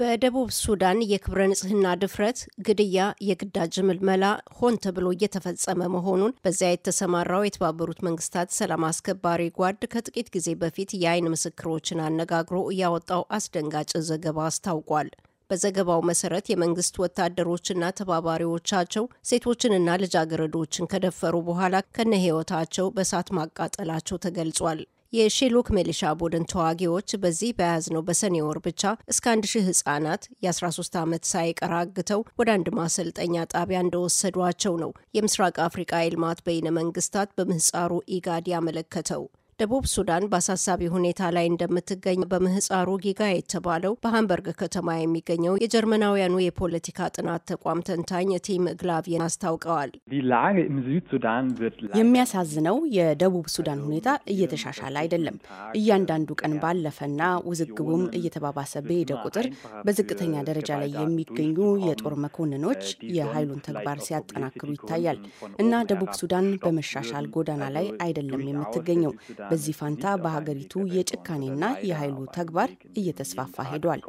በደቡብ ሱዳን የክብረ ንጽህና ድፍረት፣ ግድያ፣ የግዳጅ ምልመላ ሆን ተብሎ እየተፈጸመ መሆኑን በዚያ የተሰማራው የተባበሩት መንግስታት ሰላም አስከባሪ ጓድ ከጥቂት ጊዜ በፊት የአይን ምስክሮችን አነጋግሮ ያወጣው አስደንጋጭ ዘገባ አስታውቋል። በዘገባው መሰረት የመንግስት ወታደሮችና ተባባሪዎቻቸው ሴቶችንና ልጃገረዶችን ከደፈሩ በኋላ ከነ ህይወታቸው በእሳት ማቃጠላቸው ተገልጿል። የሼሎክ ሚሊሻ ቡድን ተዋጊዎች በዚህ በያዝነው በሰኔ ወር ብቻ እስከ አንድ ሺህ ህጻናት የ13 ዓመት ሳይቀር አግተው ወደ አንድ ማሰልጠኛ ጣቢያ እንደወሰዷቸው ነው የምስራቅ አፍሪቃ የልማት በይነ መንግስታት በምህፃሩ ኢጋድ ያመለከተው። ደቡብ ሱዳን በአሳሳቢ ሁኔታ ላይ እንደምትገኝ በምህፃሩ ጊጋ የተባለው በሃምበርግ ከተማ የሚገኘው የጀርመናውያኑ የፖለቲካ ጥናት ተቋም ተንታኝ ቲም ግላቪየን አስታውቀዋል። የሚያሳዝነው የደቡብ ሱዳን ሁኔታ እየተሻሻለ አይደለም። እያንዳንዱ ቀን ባለፈና ውዝግቡም እየተባባሰ በሄደ ቁጥር በዝቅተኛ ደረጃ ላይ የሚገኙ የጦር መኮንኖች የኃይሉን ተግባር ሲያጠናክሩ ይታያል እና ደቡብ ሱዳን በመሻሻል ጎዳና ላይ አይደለም የምትገኘው። በዚህ ፋንታ በሀገሪቱ የጭካኔና የኃይሉ ተግባር እየተስፋፋ ሄዷል።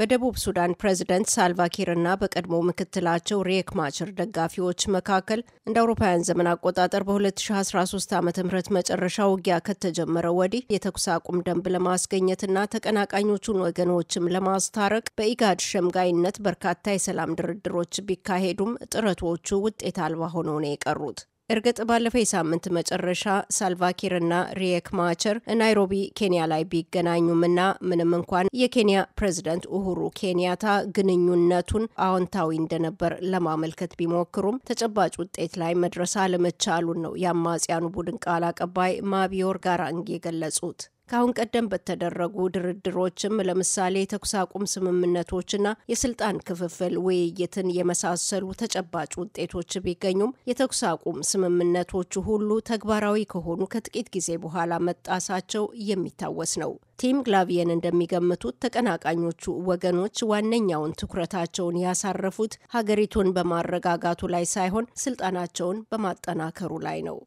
በደቡብ ሱዳን ፕሬዝደንት ሳልቫኪርና በቀድሞ ምክትላቸው ሪክ ማችር ደጋፊዎች መካከል እንደ አውሮፓውያን ዘመን አቆጣጠር በ2013 ዓ ም መጨረሻ ውጊያ ከተጀመረ ወዲህ የተኩስ አቁም ደንብ ለማስገኘትና ተቀናቃኞቹን ወገኖችም ለማስታረቅ በኢጋድ ሸምጋይነት በርካታ የሰላም ድርድሮች ቢካሄዱም ጥረቶቹ ውጤት አልባ ሆነው ነው የቀሩት። እርግጥ ባለፈው የሳምንት መጨረሻ ሳልቫኪርና ሪየክ ማቸር ናይሮቢ ኬንያ ላይ ቢገናኙም እና ምንም እንኳን የኬንያ ፕሬዚደንት ኡሁሩ ኬንያታ ግንኙነቱን አዎንታዊ እንደነበር ለማመልከት ቢሞክሩም ተጨባጭ ውጤት ላይ መድረስ አለመቻሉን ነው የአማጽያኑ ቡድን ቃል አቀባይ ማቢዮር ጋራንግ የገለጹት። ከአሁን ቀደም በተደረጉ ድርድሮችም ለምሳሌ የተኩስ አቁም ስምምነቶችና የስልጣን ክፍፍል ውይይትን የመሳሰሉ ተጨባጭ ውጤቶች ቢገኙም የተኩስ አቁም ስምምነቶቹ ሁሉ ተግባራዊ ከሆኑ ከጥቂት ጊዜ በኋላ መጣሳቸው የሚታወስ ነው። ቲም ግላቪየን እንደሚገምቱት ተቀናቃኞቹ ወገኖች ዋነኛውን ትኩረታቸውን ያሳረፉት ሀገሪቱን በማረጋጋቱ ላይ ሳይሆን ስልጣናቸውን በማጠናከሩ ላይ ነው።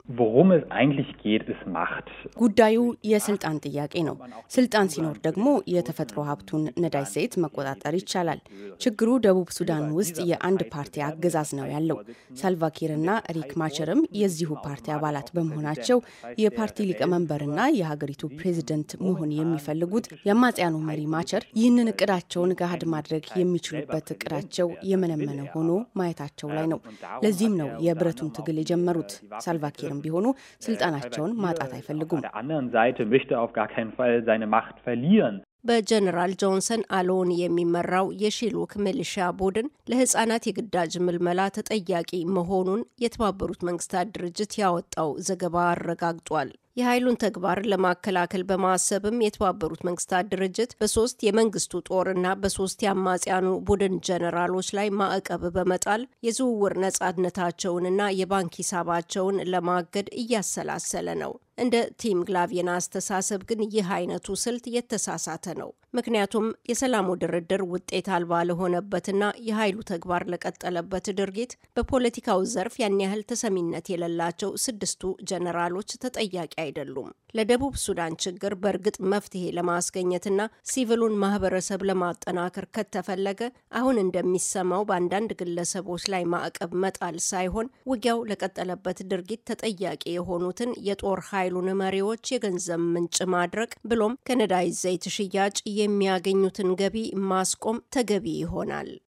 ጉዳዩ የስልጣን ጥያቄ ነው። ስልጣን ሲኖር ደግሞ የተፈጥሮ ሀብቱን ነዳጅ ዘይት መቆጣጠር ይቻላል። ችግሩ ደቡብ ሱዳን ውስጥ የአንድ ፓርቲ አገዛዝ ነው ያለው። ሳልቫኪር እና ሪክ ማቸርም የዚሁ ፓርቲ አባላት በመሆናቸው የፓርቲ ሊቀመንበርና የሀገሪቱ ፕሬዚደንት መሆን የሚ የሚፈልጉት የአማጽያኑ መሪ ማቸር ይህንን እቅዳቸውን ገሃድ ማድረግ የሚችሉበት እቅዳቸው የመነመነ ሆኖ ማየታቸው ላይ ነው። ለዚህም ነው የብረቱን ትግል የጀመሩት። ሳልቫኪርም ቢሆኑ ስልጣናቸውን ማጣት አይፈልጉም። በጀነራል ጆንሰን አሎን የሚመራው የሺሉክ ሚሊሻ ቡድን ለህጻናት የግዳጅ ምልመላ ተጠያቂ መሆኑን የተባበሩት መንግስታት ድርጅት ያወጣው ዘገባ አረጋግጧል። የኃይሉን ተግባር ለማከላከል በማሰብም የተባበሩት መንግስታት ድርጅት በሶስት የመንግስቱ ጦርና በሶስት የአማጽያኑ ቡድን ጀነራሎች ላይ ማዕቀብ በመጣል የዝውውር ነጻነታቸውንና የባንክ ሂሳባቸውን ለማገድ እያሰላሰለ ነው። እንደ ቲም ግላቪና አስተሳሰብ ግን ይህ አይነቱ ስልት የተሳሳተ ነው። ምክንያቱም የሰላሙ ድርድር ውጤት አልባ ለሆነበትና የኃይሉ ተግባር ለቀጠለበት ድርጊት በፖለቲካው ዘርፍ ያን ያህል ተሰሚነት የሌላቸው ስድስቱ ጀነራሎች ተጠያቂ አይደሉም። ለደቡብ ሱዳን ችግር በእርግጥ መፍትሄ ለማስገኘትና ሲቪሉን ማህበረሰብ ለማጠናከር ከተፈለገ አሁን እንደሚሰማው በአንዳንድ ግለሰቦች ላይ ማዕቀብ መጣል ሳይሆን ውጊያው ለቀጠለበት ድርጊት ተጠያቂ የሆኑትን የጦር ኃይል የኃይሉን መሪዎች የገንዘብ ምንጭ ማድረግ ብሎም ከነዳጅ ዘይት ሽያጭ የሚያገኙትን ገቢ ማስቆም ተገቢ ይሆናል።